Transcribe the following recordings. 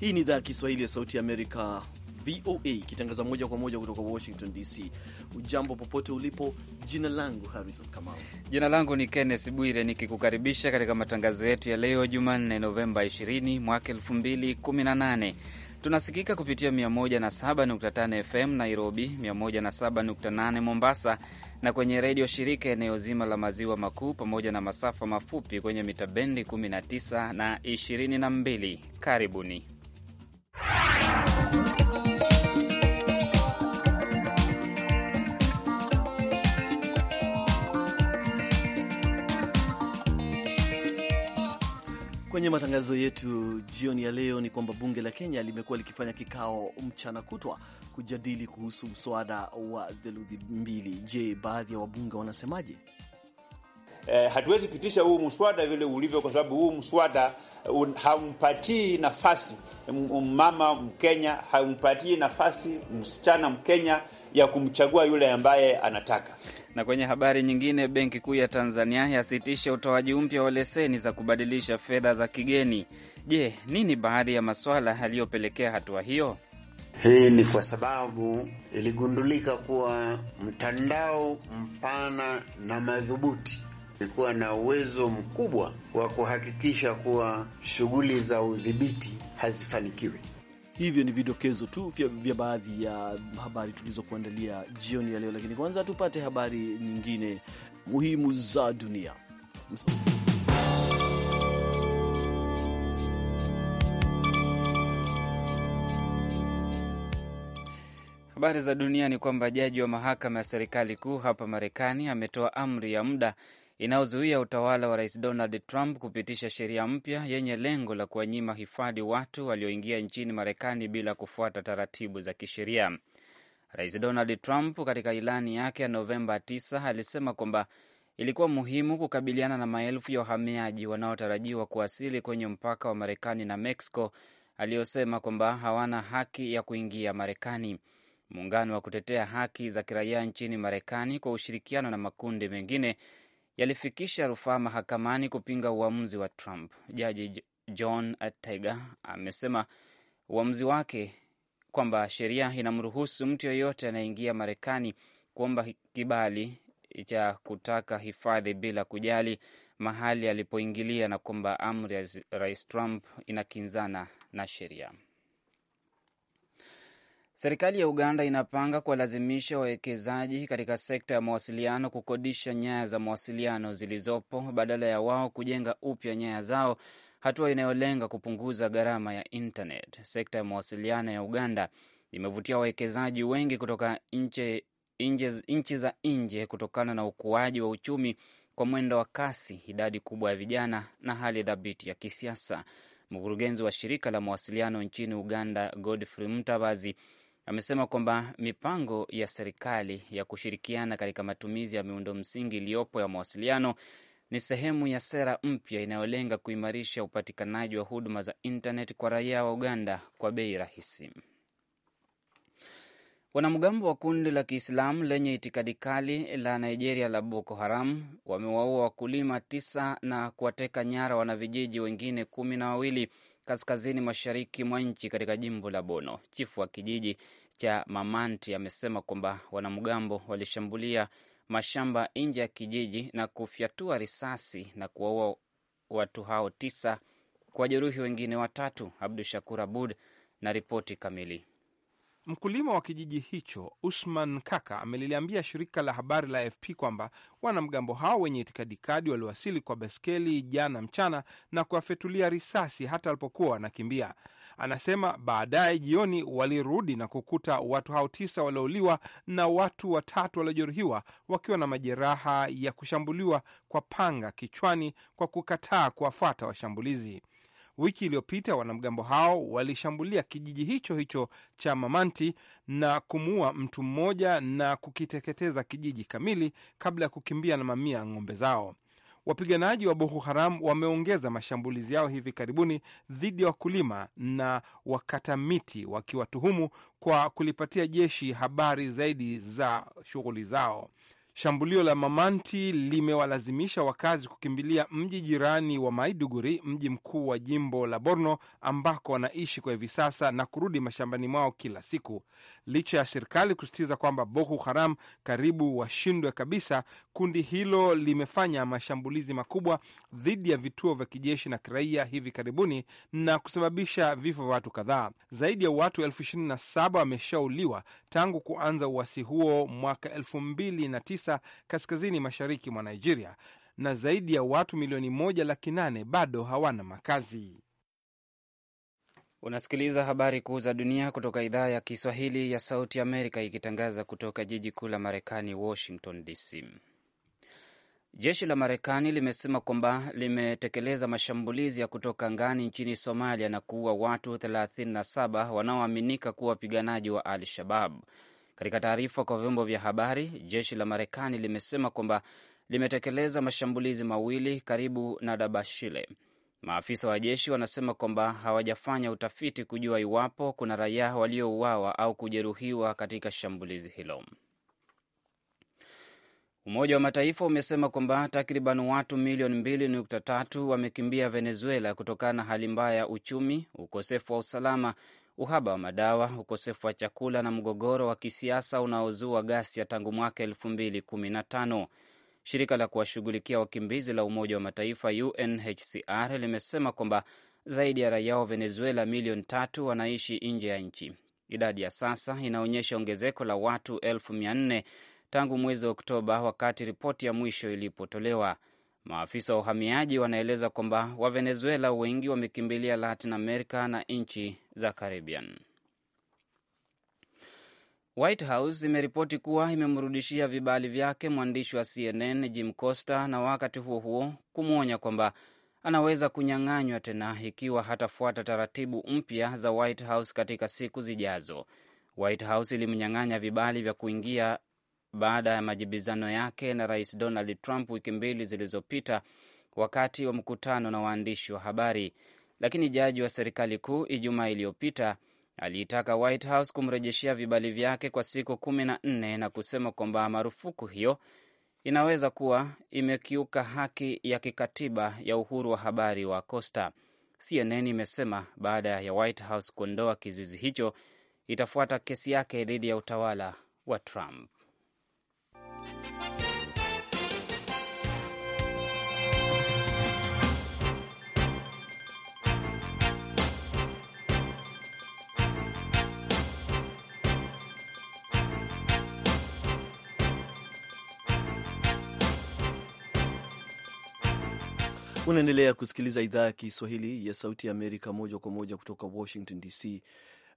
Hii ni idhaa ya Kiswahili ya Sauti ya Amerika, VOA, ikitangaza moja kwa moja kutoka Washington DC. Ujambo popote ulipo, jina langu Harrison Kamau. Jina langu ni Kenneth Bwire, nikikukaribisha katika matangazo yetu ya leo Jumanne, Novemba 20 mwaka 2018. Tunasikika kupitia 107.5 FM Nairobi, 107.8 Mombasa, na kwenye redio shirika eneo zima la maziwa makuu, pamoja na masafa mafupi kwenye mita bendi 19 na 22. Karibuni. Kwenye matangazo yetu jioni ya leo ni kwamba bunge la Kenya limekuwa likifanya kikao mchana kutwa kujadili kuhusu mswada wa theluthi mbili. Je, baadhi ya wabunge wanasemaje? Eh, hatuwezi pitisha huu mswada vile ulivyo, kwa sababu huu mswada haumpatii nafasi mama Mkenya, haumpatii nafasi msichana Mkenya ya kumchagua yule ambaye anataka na kwenye habari nyingine, Benki Kuu ya Tanzania yasitisha utoaji mpya wa leseni za kubadilisha fedha za kigeni. Je, nini baadhi ya maswala yaliyopelekea hatua hiyo? Hii ni kwa sababu iligundulika kuwa mtandao mpana na madhubuti ilikuwa na uwezo mkubwa wa kuhakikisha kuwa shughuli za udhibiti hazifanikiwi. Hivyo ni vidokezo tu vya baadhi ya habari tulizokuandalia jioni ya leo, lakini kwanza tupate habari nyingine muhimu za dunia. Habari za dunia ni kwamba jaji wa mahakama ya serikali kuu hapa Marekani ametoa amri ya muda inayozuia utawala wa rais Donald Trump kupitisha sheria mpya yenye lengo la kuwanyima hifadhi watu walioingia nchini Marekani bila kufuata taratibu za kisheria. Rais Donald Trump katika ilani yake ya Novemba 9 alisema kwamba ilikuwa muhimu kukabiliana na maelfu ya wahamiaji wanaotarajiwa kuwasili kwenye mpaka wa Marekani na Mexico, aliyosema kwamba hawana haki ya kuingia Marekani. Muungano wa kutetea haki za kiraia nchini Marekani kwa ushirikiano na makundi mengine yalifikisha rufaa mahakamani kupinga uamuzi wa Trump. Jaji John Tiger amesema uamuzi wake kwamba sheria inamruhusu mtu yeyote anayeingia Marekani kuomba kibali cha kutaka hifadhi bila kujali mahali alipoingilia na kwamba amri ya Rais Trump inakinzana na sheria. Serikali ya Uganda inapanga kuwalazimisha wawekezaji katika sekta ya mawasiliano kukodisha nyaya za mawasiliano zilizopo badala ya wao kujenga upya nyaya zao, hatua inayolenga kupunguza gharama ya internet. Sekta ya mawasiliano ya Uganda imevutia wawekezaji wengi kutoka nchi za nje kutokana na ukuaji wa uchumi kwa mwendo wa kasi, idadi kubwa ya vijana na hali dhabiti ya kisiasa. Mkurugenzi wa shirika la mawasiliano nchini Uganda, Godfrey Mtabazi amesema kwamba mipango ya serikali ya kushirikiana katika matumizi ya miundo msingi iliyopo ya mawasiliano ni sehemu ya sera mpya inayolenga kuimarisha upatikanaji wa huduma za intaneti kwa raia wa Uganda kwa bei rahisi. Wanamgambo wa kundi la Kiislamu lenye itikadi kali la Nigeria la Boko Haram wamewaua wakulima tisa na kuwateka nyara wanavijiji wengine kumi na wawili kaskazini mashariki mwa nchi katika jimbo la Bono. Chifu wa kijiji cha Mamanti amesema kwamba wanamgambo walishambulia mashamba nje ya kijiji na kufyatua risasi na kuwaua watu hao tisa, kuwajeruhi wengine watatu. Abdu Shakur Abud na ripoti kamili. Mkulima wa kijiji hicho Usman Kaka ameliambia shirika la habari la AFP kwamba wanamgambo hao wenye itikadi kadi waliwasili kwa baskeli jana mchana na kuwafyatulia risasi hata walipokuwa wanakimbia. Anasema baadaye jioni walirudi na kukuta watu hao tisa waliouliwa na watu watatu waliojeruhiwa wakiwa na majeraha ya kushambuliwa kwa panga kichwani kwa kukataa kuwafuata washambulizi. Wiki iliyopita wanamgambo hao walishambulia kijiji hicho hicho cha Mamanti na kumuua mtu mmoja na kukiteketeza kijiji kamili kabla ya kukimbia na mamia ya ng'ombe zao. Wapiganaji wa Boko Haram wameongeza mashambulizi yao hivi karibuni dhidi ya wakulima na wakata miti, wakiwatuhumu kwa kulipatia jeshi habari zaidi za shughuli zao. Shambulio la Mamanti limewalazimisha wakazi kukimbilia mji jirani wa Maiduguri, mji mkuu wa jimbo la Borno ambako wanaishi kwa hivi sasa na kurudi mashambani mwao kila siku, licha ya serikali kusisitiza kwamba Boko Haram karibu washindwe kabisa. Kundi hilo limefanya mashambulizi makubwa dhidi ya vituo vya kijeshi na kiraia hivi karibuni na kusababisha vifo vya watu kadhaa. Zaidi ya watu elfu ishirini na saba wameshauliwa tangu kuanza uasi huo mwaka elfu mbili na tisa Sambisa, kaskazini mashariki mwa Nigeria, na zaidi ya watu milioni moja laki nane bado hawana makazi. Unasikiliza habari kuu za dunia kutoka idhaa ya Kiswahili ya Sauti Amerika, ikitangaza kutoka jiji kuu la Marekani, Washington DC. Jeshi la Marekani limesema kwamba limetekeleza mashambulizi ya kutoka ngani nchini Somalia na kuua watu 37 wanaoaminika kuwa wapiganaji wa Al Shabab. Katika taarifa kwa vyombo vya habari, jeshi la Marekani limesema kwamba limetekeleza mashambulizi mawili karibu na Dabashile. Maafisa wa jeshi wanasema kwamba hawajafanya utafiti kujua iwapo kuna raia waliouawa au kujeruhiwa katika shambulizi hilo. Umoja wa Mataifa umesema kwamba takriban watu milioni 2.3 wamekimbia Venezuela kutokana na hali mbaya ya uchumi, ukosefu wa usalama uhaba wa madawa, ukosefu wa chakula na mgogoro wa kisiasa unaozua ghasia tangu mwaka elfu mbili kumi na tano. Shirika la kuwashughulikia wakimbizi la Umoja wa Mataifa UNHCR limesema kwamba zaidi ya raia wa Venezuela milioni tatu wanaishi nje ya nchi. Idadi ya sasa inaonyesha ongezeko la watu elfu mia nne tangu mwezi Oktoba, wakati ripoti ya mwisho ilipotolewa. Maafisa wa uhamiaji wanaeleza kwamba Wavenezuela wengi wamekimbilia Latin America na nchi za Caribbean. White House imeripoti kuwa imemrudishia vibali vyake mwandishi wa CNN Jim Costa na wakati huo huo kumwonya kwamba anaweza kunyang'anywa tena ikiwa hatafuata taratibu mpya za White House katika siku zijazo. White House ilimnyang'anya vibali vya kuingia baada ya majibizano yake na Rais Donald Trump wiki mbili zilizopita wakati wa mkutano na waandishi wa habari. Lakini jaji wa serikali kuu Ijumaa iliyopita aliitaka White House kumrejeshea vibali vyake kwa siku kumi na nne na kusema kwamba marufuku hiyo inaweza kuwa imekiuka haki ya kikatiba ya uhuru wa habari wa Costa. CNN imesema baada ya White House kuondoa kizuizi hicho, itafuata kesi yake dhidi ya utawala wa Trump. Unaendelea kusikiliza idhaa ya Kiswahili ya Sauti ya Amerika moja kwa moja kutoka Washington DC,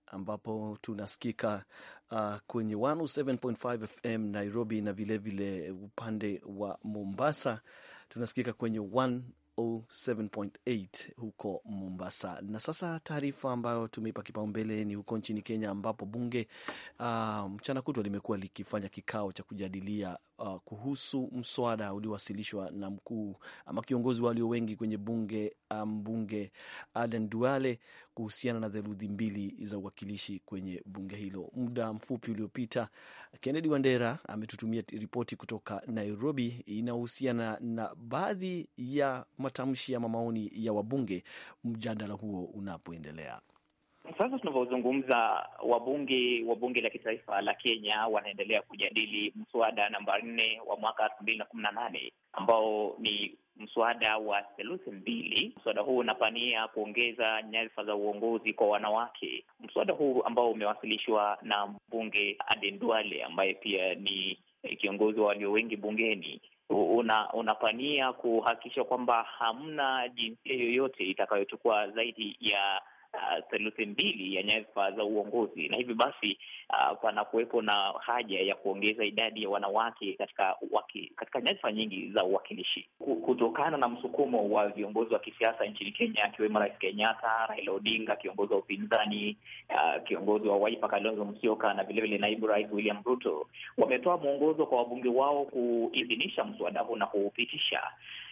ambapo tunasikika uh, kwenye 107.5 FM Nairobi na vilevile vile upande wa Mombasa tunasikika kwenye 107.8 huko Mombasa. Na sasa taarifa ambayo tumeipa kipaumbele ni huko nchini Kenya, ambapo bunge ah, mchana um, kutwa limekuwa likifanya kikao cha kujadilia uh, kuhusu mswada uliowasilishwa na mkuu ama kiongozi walio wengi kwenye bunge ah, mbunge um, Aden Duale kuhusiana na theluthi mbili za uwakilishi kwenye bunge hilo. Muda mfupi uliopita, Kennedy Wandera ametutumia ripoti kutoka Nairobi inayohusiana na baadhi ya matamshi ama maoni ya wabunge, mjadala huo unapoendelea. Sasa tunavyozungumza wabunge wa bunge la kitaifa la Kenya wanaendelea kujadili mswada namba nne wa mwaka elfu mbili na kumi na nane ambao ni mswada wa theluthi mbili. Mswada huu unapania kuongeza nyadhifa za uongozi kwa wanawake. Mswada huu ambao umewasilishwa na mbunge Aden Duale ambaye pia ni eh, kiongozi wa walio wengi bungeni una, unapania kuhakikisha kwamba hamna jinsia yoyote itakayochukua zaidi ya Uh, theluthi mbili ya nyadhifa za uongozi, na hivi basi uh, panakuwepo na haja ya kuongeza idadi ya wanawake katika waki, katika nyadhifa nyingi za uwakilishi kutokana na msukumo wa viongozi wa kisiasa nchini Kenya, akiwemo Rais Kenyatta, Raila Odinga kiongozi wa upinzani, uh, kiongozi wa Wiper Kalonzo Musyoka na vilevile naibu rais William Ruto wametoa mwongozo kwa wabunge wao kuidhinisha mswada huu na kuupitisha,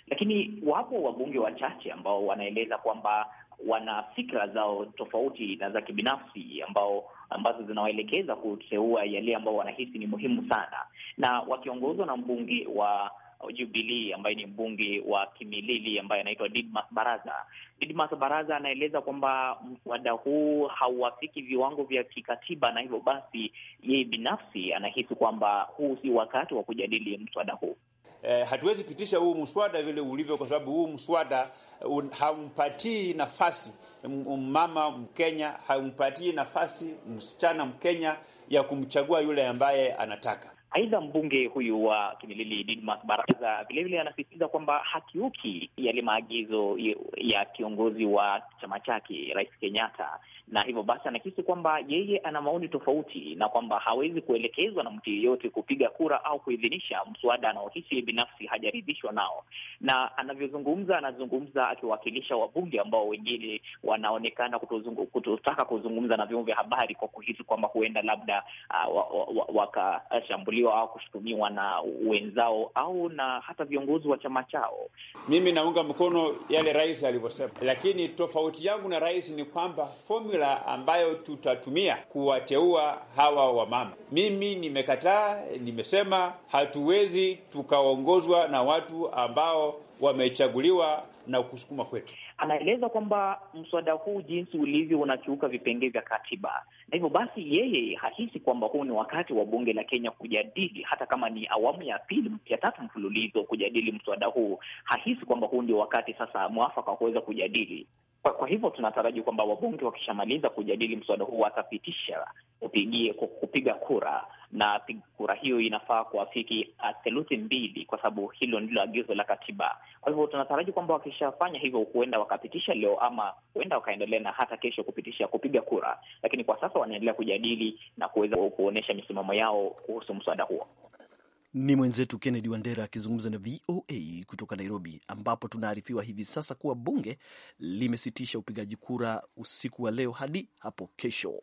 lakini wapo wabunge wachache ambao wanaeleza kwamba wana fikra zao tofauti na za kibinafsi ambao ambazo zinawaelekeza kuteua yale ambao wanahisi ni muhimu sana, na wakiongozwa na mbunge wa jubilii ambaye ni mbunge wa Kimilili ambaye anaitwa Didmas Baraza. Didmas Baraza anaeleza kwamba mswada huu hauafiki viwango vya kikatiba, na hivyo basi yeye binafsi anahisi kwamba huu si wakati wa kujadili mswada huu eh, hatuwezi pitisha huu mswada vile ulivyo, kwa sababu huu mswada eh, haumpatii nafasi mama Mkenya, haumpatii nafasi msichana Mkenya ya kumchagua yule ambaye anataka. Aidha, mbunge huyu wa Kimilili Didmas Baraza vilevile anasisitiza kwamba hakiuki yale maagizo ya kiongozi wa chama chake Rais Kenyatta, na hivyo basi anakisi kwamba yeye ana maoni tofauti na kwamba hawezi kuelekezwa na mtu yeyote kupiga kura au kuidhinisha mswada anaohisi binafsi hajaridhishwa nao. Na anavyozungumza, anazungumza akiwakilisha wabunge ambao wengine wanaonekana kutotaka kuzungumza na vyombo vya habari kwa kuhisi kwamba huenda labda uh, wakashambuliwa wa, wa, wa, kushtakiwa au kushutumiwa na wenzao au na hata viongozi wa chama chao. Mimi naunga mkono yale rais alivyosema, lakini tofauti yangu na rais ni kwamba fomula ambayo tutatumia kuwateua hawa wamama, mimi nimekataa, nimesema hatuwezi tukaongozwa na watu ambao wamechaguliwa na kusukuma kwetu. Anaeleza kwamba mswada huu jinsi ulivyo unakiuka vipengee vya katiba, na hivyo basi yeye hahisi kwamba huu ni wakati wa bunge la Kenya kujadili, hata kama ni awamu ya pili ya tatu mfululizo kujadili mswada huu. Hahisi kwamba huu ndio wakati sasa mwafaka wa kuweza kujadili. Kwa, kwa hivyo tunataraji kwamba wabunge wakishamaliza kujadili mswada huu watapitisha upigie kupiga kura na kura hiyo inafaa kuafiki theluthi mbili, kwa sababu hilo ndilo agizo la katiba. Kwa hivyo tunataraji kwamba wakishafanya hivyo, huenda wakapitisha leo ama huenda wakaendelea na hata kesho kupitisha kupiga kura, lakini kwa sasa wanaendelea kujadili na kuweza kuonyesha misimamo yao kuhusu mswada huo. Ni mwenzetu Kennedy Wandera akizungumza na VOA kutoka Nairobi, ambapo tunaarifiwa hivi sasa kuwa bunge limesitisha upigaji kura usiku wa leo hadi hapo kesho.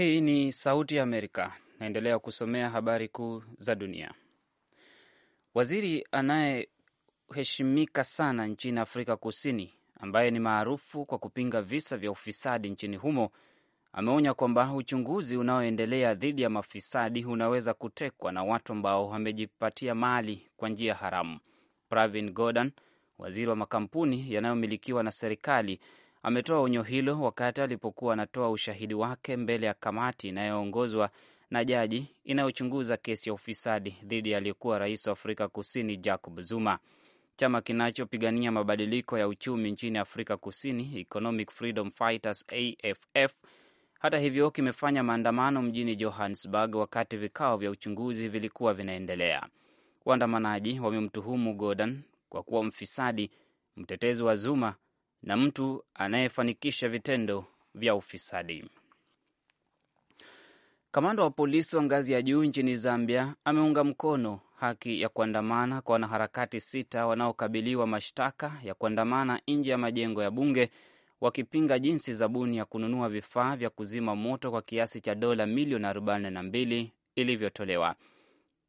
Hii ni Sauti ya Amerika. Naendelea kusomea habari kuu za dunia. Waziri anayeheshimika sana nchini Afrika Kusini, ambaye ni maarufu kwa kupinga visa vya ufisadi nchini humo, ameonya kwamba uchunguzi unaoendelea dhidi ya mafisadi unaweza kutekwa na watu ambao wamejipatia mali kwa njia haramu. Pravin Gordhan, waziri wa makampuni yanayomilikiwa na serikali, ametoa onyo hilo wakati alipokuwa anatoa ushahidi wake mbele ya kamati inayoongozwa na jaji inayochunguza kesi ya ufisadi dhidi ya aliyekuwa rais wa Afrika Kusini Jacob Zuma. Chama kinachopigania mabadiliko ya uchumi nchini Afrika Kusini, Economic Freedom Fighters AFF, hata hivyo kimefanya maandamano mjini Johannesburg wakati vikao vya uchunguzi vilikuwa vinaendelea. Waandamanaji wamemtuhumu Gordhan kwa kuwa mfisadi, mtetezi wa Zuma na mtu anayefanikisha vitendo vya ufisadi. Kamanda wa polisi wa ngazi ya juu nchini Zambia ameunga mkono haki ya kuandamana kwa wanaharakati sita wanaokabiliwa mashtaka ya kuandamana nje ya majengo ya bunge wakipinga jinsi zabuni ya kununua vifaa vya kuzima moto kwa kiasi cha dola milioni 42 ilivyotolewa.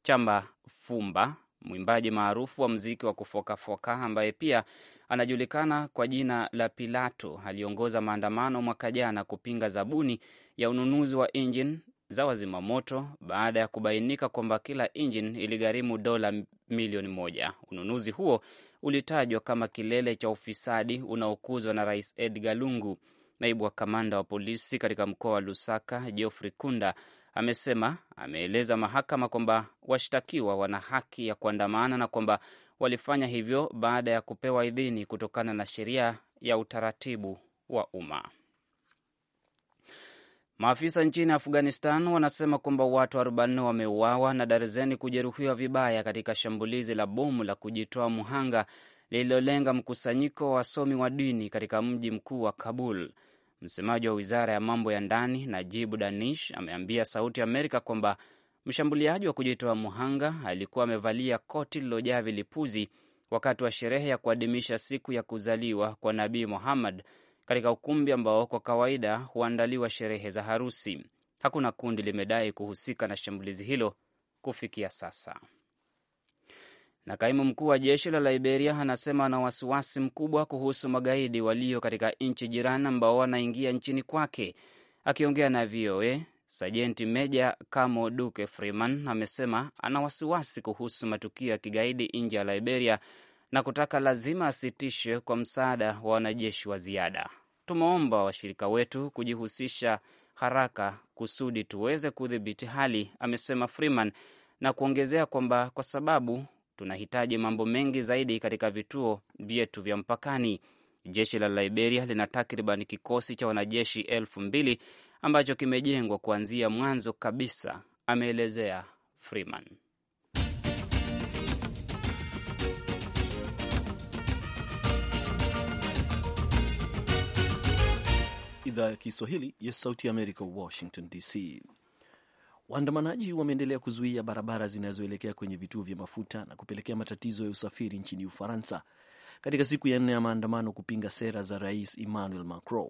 Chamba Fumba, mwimbaji maarufu wa mziki wa kufokafoka ambaye pia anajulikana kwa jina la Pilato aliongoza maandamano mwaka jana kupinga zabuni ya ununuzi wa injini za wazimamoto baada ya kubainika kwamba kila injini iligharimu dola milioni moja. Ununuzi huo ulitajwa kama kilele cha ufisadi unaokuzwa na Rais Edgar Lungu. Naibu wa kamanda wa polisi katika mkoa wa Lusaka, Geoffrey Kunda, amesema ameeleza mahakama kwamba washtakiwa wana haki ya kuandamana na kwamba walifanya hivyo baada ya kupewa idhini kutokana na sheria ya utaratibu wa umma. Maafisa nchini Afghanistan wanasema kwamba watu 40 wameuawa na darzeni kujeruhiwa vibaya katika shambulizi la bomu la kujitoa muhanga lililolenga mkusanyiko wa wasomi wa dini katika mji mkuu wa Kabul. Msemaji wa wizara ya mambo ya ndani Najibu Danish ameambia Sauti ya Amerika kwamba mshambuliaji wa kujitoa muhanga alikuwa amevalia koti lililojaa vilipuzi wakati wa sherehe ya kuadhimisha siku ya kuzaliwa kwa Nabii Muhammad katika ukumbi ambao kwa kawaida huandaliwa sherehe za harusi. Hakuna kundi limedai kuhusika na shambulizi hilo kufikia sasa na kaimu mkuu wa jeshi la Liberia anasema ana wasiwasi mkubwa kuhusu magaidi walio katika nchi jirani ambao wanaingia nchini kwake. Akiongea na VOA, sajenti meja Kamo Duke Freeman amesema ana wasiwasi kuhusu matukio ya kigaidi nje ya Liberia na kutaka lazima asitishwe kwa msaada wa wanajeshi wa ziada. Tumeomba washirika wetu kujihusisha haraka kusudi tuweze kudhibiti hali, amesema Freeman na kuongezea kwamba kwa sababu tunahitaji mambo mengi zaidi katika vituo vyetu vya mpakani. Jeshi la Liberia lina takriban kikosi cha wanajeshi elfu mbili ambacho kimejengwa kuanzia mwanzo kabisa, ameelezea Freeman. Idhaa ya Kiswahili ya Sauti ya Amerika, Washington DC. Waandamanaji wameendelea kuzuia barabara zinazoelekea kwenye vituo vya mafuta na kupelekea matatizo ya usafiri nchini Ufaransa katika siku ya nne ya maandamano kupinga sera za Rais Emmanuel Macron.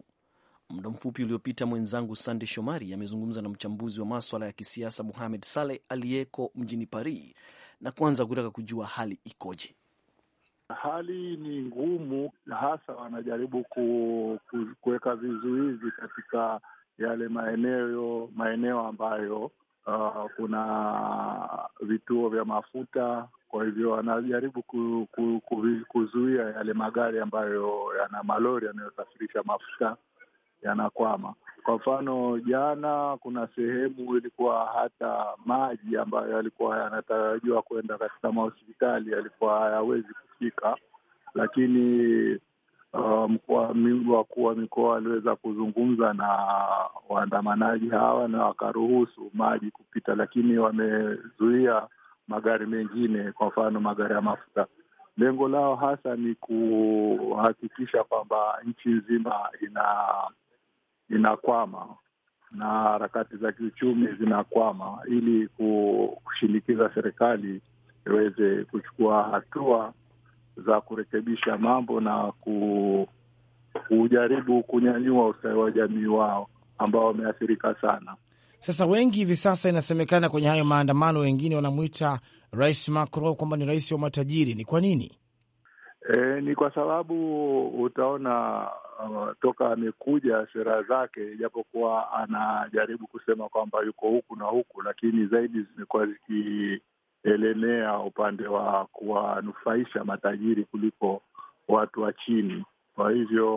Muda mfupi uliopita mwenzangu Sande Shomari amezungumza na mchambuzi wa maswala ya kisiasa Mohamed Saleh aliyeko mjini Paris na kwanza kutaka kujua hali ikoje. Hali ni ngumu, hasa wanajaribu kuweka vizuizi katika yale maeneo maeneo ambayo uh, kuna vituo vya mafuta. Kwa hivyo wanajaribu ku, ku, ku, kuzuia yale magari ambayo yana malori yanayosafirisha mafuta yanakwama. Kwa mfano, jana kuna sehemu ilikuwa hata maji ambayo yalikuwa yanatarajiwa kwenda katika mahospitali yalikuwa hayawezi kufika, lakini Um, wakuu wa mikoa waliweza kuzungumza na waandamanaji hawa na wakaruhusu maji kupita, lakini wamezuia magari mengine, kwa mfano magari ya mafuta. Lengo lao hasa ni kuhakikisha kwamba nchi nzima ina inakwama na harakati za kiuchumi zinakwama, ili kushinikiza serikali iweze kuchukua hatua za kurekebisha mambo na ku, kujaribu kunyanyua ustawi wa jamii wao ambao wameathirika sana. Sasa wengi hivi sasa inasemekana kwenye hayo maandamano, wengine wanamwita Rais Macron kwamba ni rais wa matajiri. Ni kwa nini? E, ni kwa sababu utaona uh, toka amekuja sera zake, ijapokuwa anajaribu kusema kwamba yuko huku na huku, lakini zaidi zimekuwa ziki elemea upande wa kuwanufaisha matajiri kuliko watu wa chini. Kwa hivyo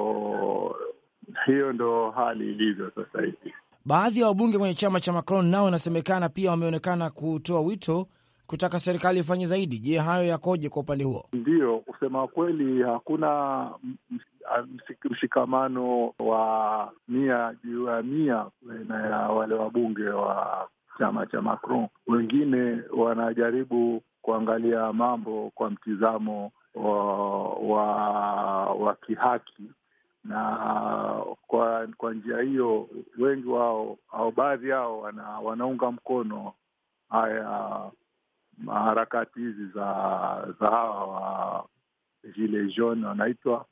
hiyo ndo hali ilivyo sasa hivi. Baadhi ya wabunge kwenye chama cha Macron nao inasemekana pia wameonekana kutoa wito kutaka serikali ifanye zaidi. Je, hayo yakoje kwa upande huo? Ndiyo, kusema kweli hakuna mshikamano wa mia juu ya mia na ya wale wabunge wa chama cha Macron. Wengine wanajaribu kuangalia mambo kwa mtizamo wa, wa, wa kihaki na kwa kwa njia hiyo wengi wao au baadhi yao wana, wanaunga mkono haya harakati hizi za za hawa wa gilet wanaitwa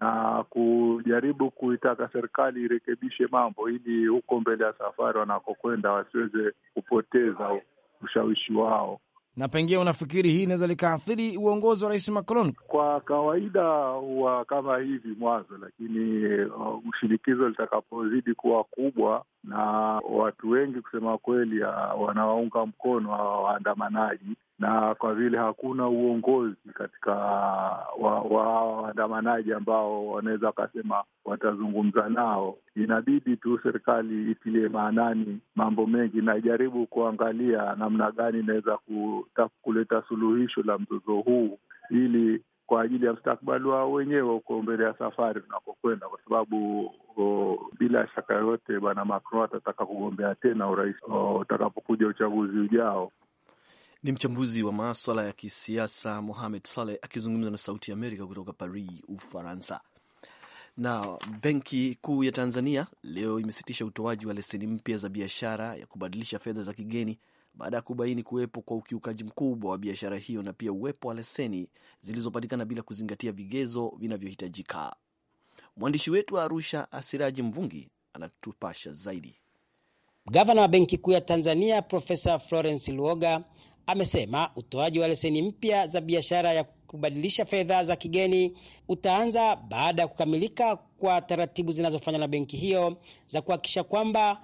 na kujaribu kuitaka serikali irekebishe mambo ili huko mbele ya safari wanakokwenda wasiweze kupoteza ushawishi wao. Na pengine unafikiri hii inaweza likaathiri uongozi wa Rais Macron? Kwa kawaida huwa kama hivi mwanzo, lakini uh, shinikizo litakapozidi kuwa kubwa na watu wengi kusema kweli, uh, wanawaunga mkono hawa waandamanaji na kwa vile hakuna uongozi katika wa waandamanaji ambao wanaweza wakasema watazungumza nao, inabidi tu serikali itilie maanani mambo mengi na ijaribu kuangalia namna gani inaweza kuleta suluhisho la mzozo huu ili kwa ajili ya mstakbali wao wenyewe huko mbele ya safari tunakokwenda, kwa sababu o, bila shaka yoyote bwana Macron atataka kugombea tena urais utakapokuja uchaguzi ujao. Ni mchambuzi wa maswala ya kisiasa Mohamed Saleh akizungumza na Sauti ya Amerika kutoka Paris, Ufaransa. Na Benki Kuu ya Tanzania leo imesitisha utoaji wa leseni mpya za biashara ya kubadilisha fedha za kigeni baada ya kubaini kuwepo kwa ukiukaji mkubwa wa biashara hiyo na pia uwepo wa leseni zilizopatikana bila kuzingatia vigezo vinavyohitajika. Mwandishi wetu wa Arusha, Asiraji Mvungi, anatupasha zaidi. Gavana wa Benki Kuu ya Tanzania Profesa Florence Luoga amesema utoaji wa leseni mpya za biashara ya kubadilisha fedha za kigeni utaanza baada ya kukamilika kwa taratibu zinazofanywa na benki hiyo za kuhakikisha kwamba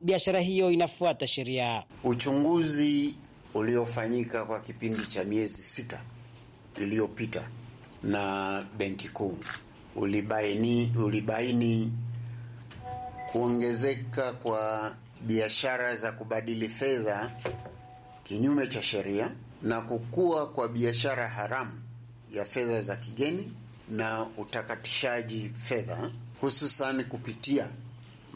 biashara hiyo inafuata sheria. Uchunguzi uliofanyika kwa kipindi cha miezi sita iliyopita na benki kuu ulibaini, ulibaini kuongezeka kwa biashara za kubadili fedha kinyume cha sheria na kukua kwa biashara haramu ya fedha za kigeni na utakatishaji fedha hususan kupitia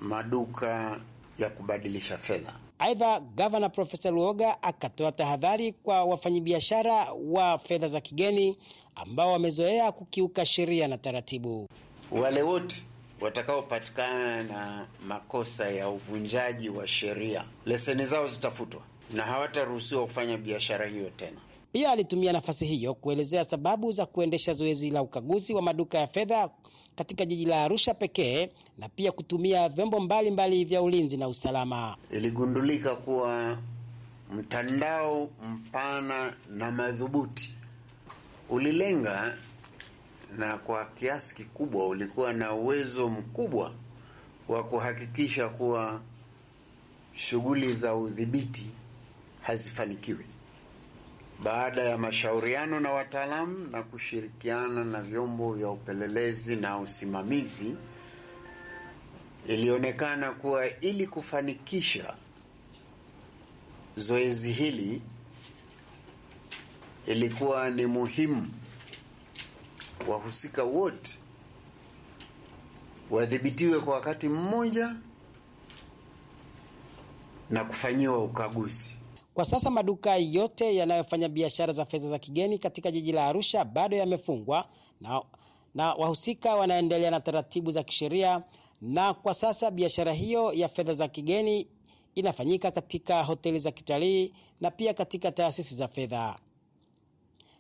maduka ya kubadilisha fedha. Aidha, gavana Profesa Luoga akatoa tahadhari kwa wafanyabiashara wa fedha za kigeni ambao wamezoea kukiuka sheria na taratibu. Wale wote watakaopatikana na makosa ya uvunjaji wa sheria, leseni zao zitafutwa na hawataruhusiwa kufanya biashara hiyo tena. Pia alitumia nafasi hiyo kuelezea sababu za kuendesha zoezi la ukaguzi wa maduka ya fedha katika jiji la Arusha pekee na pia kutumia vyombo mbalimbali vya ulinzi na usalama. Iligundulika kuwa mtandao mpana na madhubuti ulilenga na kwa kiasi kikubwa ulikuwa na uwezo mkubwa wa kuhakikisha kuwa shughuli za udhibiti hazifanikiwi. Baada ya mashauriano na wataalamu na kushirikiana na vyombo vya upelelezi na usimamizi, ilionekana kuwa ili kufanikisha zoezi hili ilikuwa ni muhimu wahusika wote wadhibitiwe kwa wakati mmoja na kufanyiwa ukaguzi. Kwa sasa maduka yote yanayofanya biashara za fedha za kigeni katika jiji la Arusha bado yamefungwa na, na wahusika wanaendelea na taratibu za kisheria, na kwa sasa biashara hiyo ya fedha za kigeni inafanyika katika hoteli za kitalii na pia katika taasisi za fedha.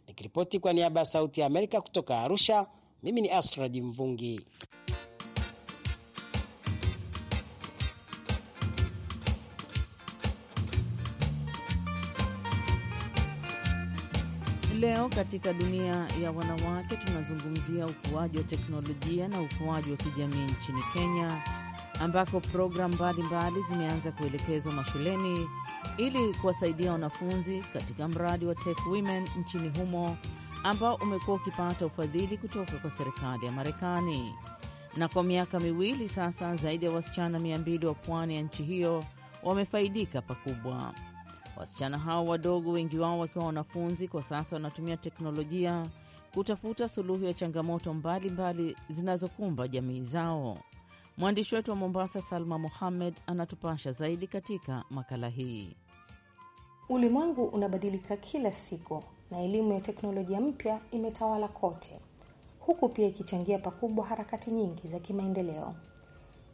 Nikiripoti kwa niaba ya Sauti ya Amerika kutoka Arusha, mimi ni Asraji Mvungi. leo katika dunia ya wanawake tunazungumzia ukuaji wa teknolojia na ukuaji wa kijamii nchini Kenya, ambako programu mbalimbali zimeanza kuelekezwa mashuleni ili kuwasaidia wanafunzi katika mradi wa Tech Women nchini humo ambao umekuwa ukipata ufadhili kutoka kwa serikali ya Marekani. Na kwa miaka miwili sasa, zaidi ya wasichana 2 wa pwani ya nchi hiyo wamefaidika pakubwa. Wasichana hao wadogo, wengi wao wakiwa wanafunzi, kwa sasa wanatumia teknolojia kutafuta suluhu ya changamoto mbalimbali zinazokumba jamii zao. Mwandishi wetu wa Mombasa, Salma Mohammed, anatupasha zaidi katika makala hii. Ulimwengu unabadilika kila siku na elimu ya teknolojia mpya imetawala kote, huku pia ikichangia pakubwa harakati nyingi za kimaendeleo.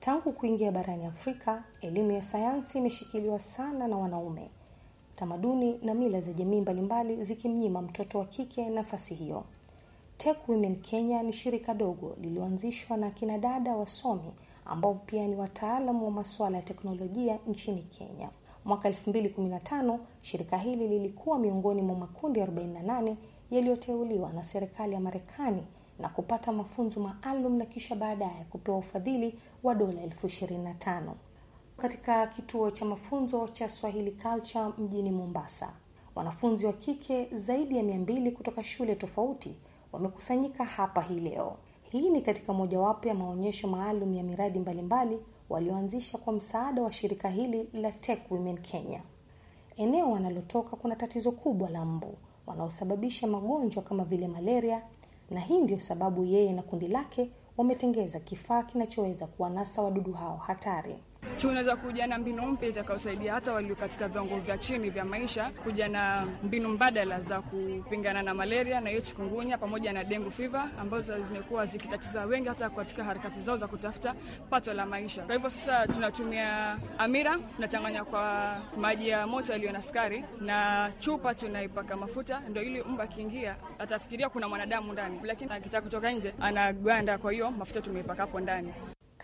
Tangu kuingia barani Afrika, elimu ya sayansi imeshikiliwa sana na wanaume tamaduni na mila za jamii mbalimbali zikimnyima mtoto wa kike nafasi hiyo. Tech Women Kenya ni shirika dogo lililoanzishwa na kina dada wasomi ambao pia ni wataalamu wa masuala ya teknolojia nchini Kenya. Mwaka 2015 shirika hili lilikuwa miongoni mwa makundi 48 yaliyoteuliwa na serikali ya Marekani na kupata mafunzo maalum na kisha baadaye kupewa ufadhili wa dola elfu ishirini na tano katika kituo cha mafunzo cha Swahili Culture mjini Mombasa. Wanafunzi wa kike zaidi ya mia mbili kutoka shule tofauti wamekusanyika hapa hii leo. Hii ni katika mojawapo ya maonyesho maalum ya miradi mbalimbali walioanzisha kwa msaada wa shirika hili la Tech Women Kenya. Eneo wanalotoka kuna tatizo kubwa la mbu wanaosababisha magonjwa kama vile malaria, na hii ndiyo sababu yeye na kundi lake wametengeza kifaa kinachoweza kuwanasa wadudu hao hatari tunaweza kuja na mbinu mpya itakayosaidia hata walio katika viwango vya chini vya maisha kuja na mbinu mbadala za kupingana na malaria na hiyo chikungunya pamoja na dengu fiva ambazo zimekuwa zikitatiza wengi hata katika harakati zao za kutafuta pato la maisha. Kwa hivyo sasa tunatumia amira, tunachanganya kwa maji ya moto yaliyo na sukari na chupa tunaipaka mafuta, ndo ili mba akiingia atafikiria kuna mwanadamu ndani, lakini akitaka kutoka nje anaganda. Kwa hiyo mafuta tumeipaka hapo ndani.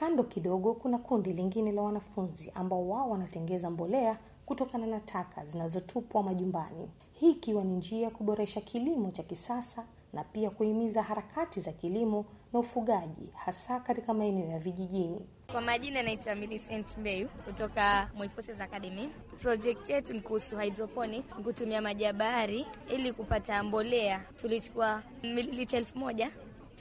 Kando kidogo kuna kundi lingine la wanafunzi ambao wao wanatengeza mbolea kutokana na taka zinazotupwa majumbani, hii ikiwa ni njia ya kuboresha kilimo cha kisasa na pia kuhimiza harakati za kilimo na ufugaji hasa katika maeneo ya vijijini. Kwa majina naitwa Millicent Mbeyu kutoka Moifoses Academy. Project yetu ni kuhusu hydroponic, kutumia maji ya bahari ili kupata mbolea. Tulichukua mililita elfu moja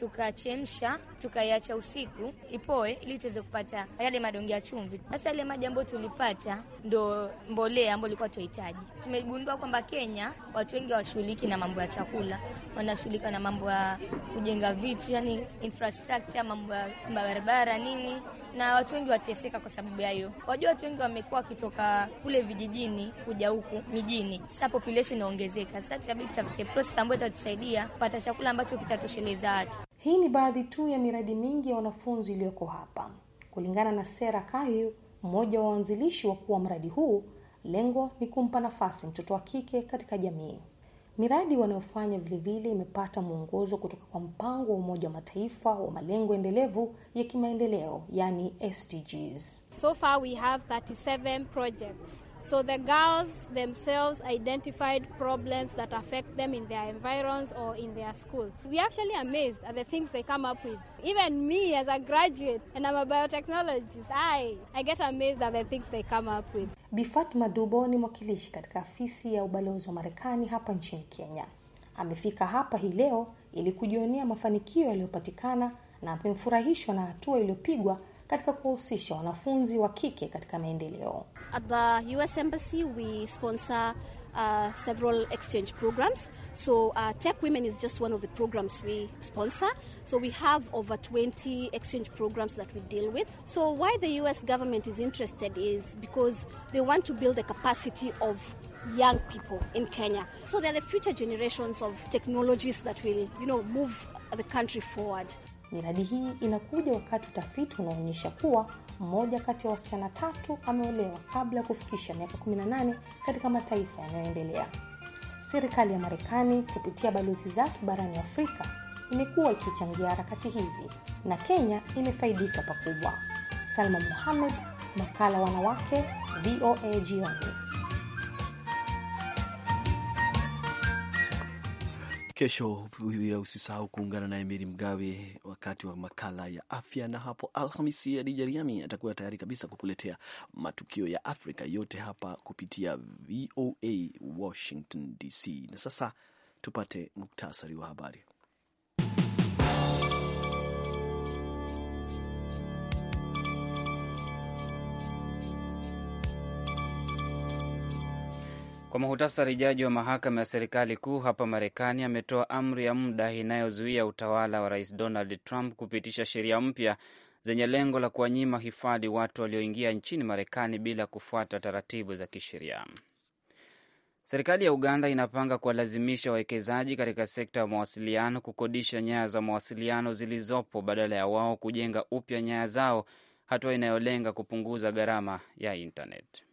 tukachemsha, tukaiacha usiku ipoe, ili tuweze kupata yale madonge ya chumvi. Sasa yale maji ambayo tulipata ndo mbolea ambayo ilikuwa tunahitaji. Tumegundua kwamba Kenya watu wengi hawashughuliki na mambo ya chakula, wanashughulika na mambo ya kujenga vitu, yani infrastructure, mambo ya barabara nini, na watu wengi wateseka kwa sababu ya hiyo. Wajua, watu wengi wamekuwa wakitoka kule vijijini kuja huku mijini, sasa population inaongezeka. Sasa tutabidi tutafute process ambayo itatusaidia kupata chakula ambacho kitatosheleza watu. Hii ni baadhi tu ya miradi mingi ya wanafunzi iliyoko hapa. Kulingana na Sera Kahiu, mmoja wa waanzilishi wakuu wa mradi huu, lengo ni kumpa nafasi mtoto wa kike katika jamii. Miradi wanayofanya vilevile imepata mwongozo kutoka kwa mpango wa Umoja wa Mataifa wa malengo endelevu ya kimaendeleo, yani SDGs. So far we have 37 projects. So the girls themselves identified problems that affect them in their environs or in their school. We actually amazed at the things they come up with. Even me as a graduate and I'm a biotechnologist, I, I get amazed at the things they come up with. Bifat Madubo ni mwakilishi katika afisi ya ubalozi wa Marekani hapa nchini Kenya. Amefika hapa hii leo ili kujionea mafanikio yaliyopatikana na amefurahishwa na hatua iliyopigwa katika kuwahusisha wanafunzi wa kike katika maendeleo. At the US Embassy we sponsor uh, several exchange programs. So uh, Tech Women is just one of the programs we sponsor. So we have over 20 exchange programs that we deal with. So why the US government is interested is because they want to build the capacity of young people in Kenya. So they're the future generations of technologies that will, you know, move the country forward. Miradi hii inakuja wakati utafiti unaonyesha kuwa mmoja kati ya wasichana tatu ameolewa kabla ya kufikisha miaka 18 katika mataifa yanayoendelea. Serikali ya Marekani kupitia balozi zake barani Afrika imekuwa ikichangia harakati hizi na Kenya imefaidika pakubwa. Salma muhammed makala wanawake, VOA jioni. Kesho usisahau kuungana naye Meri Mgawe wakati wa makala ya afya, na hapo Alhamisi Adija Riami atakuwa tayari kabisa kukuletea matukio ya Afrika yote hapa kupitia VOA Washington DC. Na sasa tupate muktasari wa habari. Kwa muhutasari, jaji wa mahakama ya serikali kuu hapa Marekani ametoa amri ya muda inayozuia utawala wa rais Donald Trump kupitisha sheria mpya zenye lengo la kuwanyima hifadhi watu walioingia nchini Marekani bila kufuata taratibu za kisheria. Serikali ya Uganda inapanga kuwalazimisha wawekezaji katika sekta ya mawasiliano kukodisha nyaya za mawasiliano zilizopo badala ya wao kujenga upya nyaya zao, hatua inayolenga kupunguza gharama ya intaneti.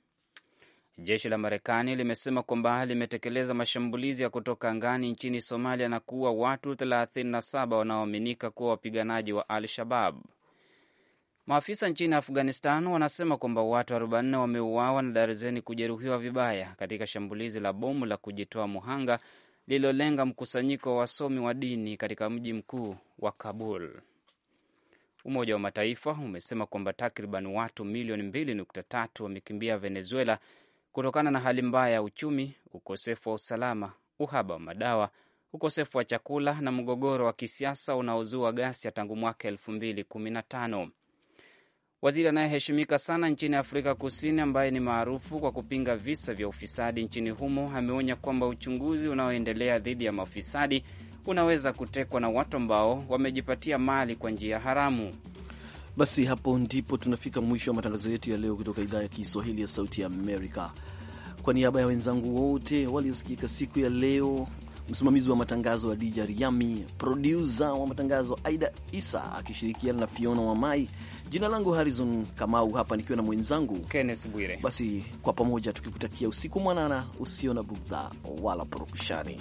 Jeshi la Marekani limesema kwamba limetekeleza mashambulizi ya kutoka angani nchini Somalia na kuua watu 37 wanaoaminika kuwa wapiganaji wa Al Shabab. Maafisa nchini Afghanistan wanasema kwamba watu 44 wameuawa na darzeni kujeruhiwa vibaya katika shambulizi la bomu la kujitoa muhanga lililolenga mkusanyiko wa wasomi wa dini katika mji mkuu wa Kabul. Umoja wa Mataifa umesema kwamba takriban watu milioni 2.3 wamekimbia Venezuela kutokana na hali mbaya ya uchumi, ukosefu wa usalama, uhaba wa madawa, ukosefu wa chakula na mgogoro wa kisiasa unaozua ghasia tangu mwaka elfu mbili kumi na tano. Waziri anayeheshimika sana nchini Afrika Kusini ambaye ni maarufu kwa kupinga visa vya ufisadi nchini humo ameonya kwamba uchunguzi unaoendelea dhidi ya mafisadi unaweza kutekwa na watu ambao wamejipatia mali kwa njia haramu. Basi hapo ndipo tunafika mwisho wa matangazo yetu ya leo kutoka idhaa ya Kiswahili ya Sauti ya Amerika. Kwa niaba ya wenzangu wote waliosikika siku ya leo, msimamizi wa matangazo Adija Riami, produsa wa matangazo Aida Isa akishirikiana na Fiona mai Jina langu Harrison Kamau, hapa nikiwa na mwenzangu Kenneth Bwire. Basi kwa pamoja tukikutakia usiku mwanana usio na bughudha wala porokushani.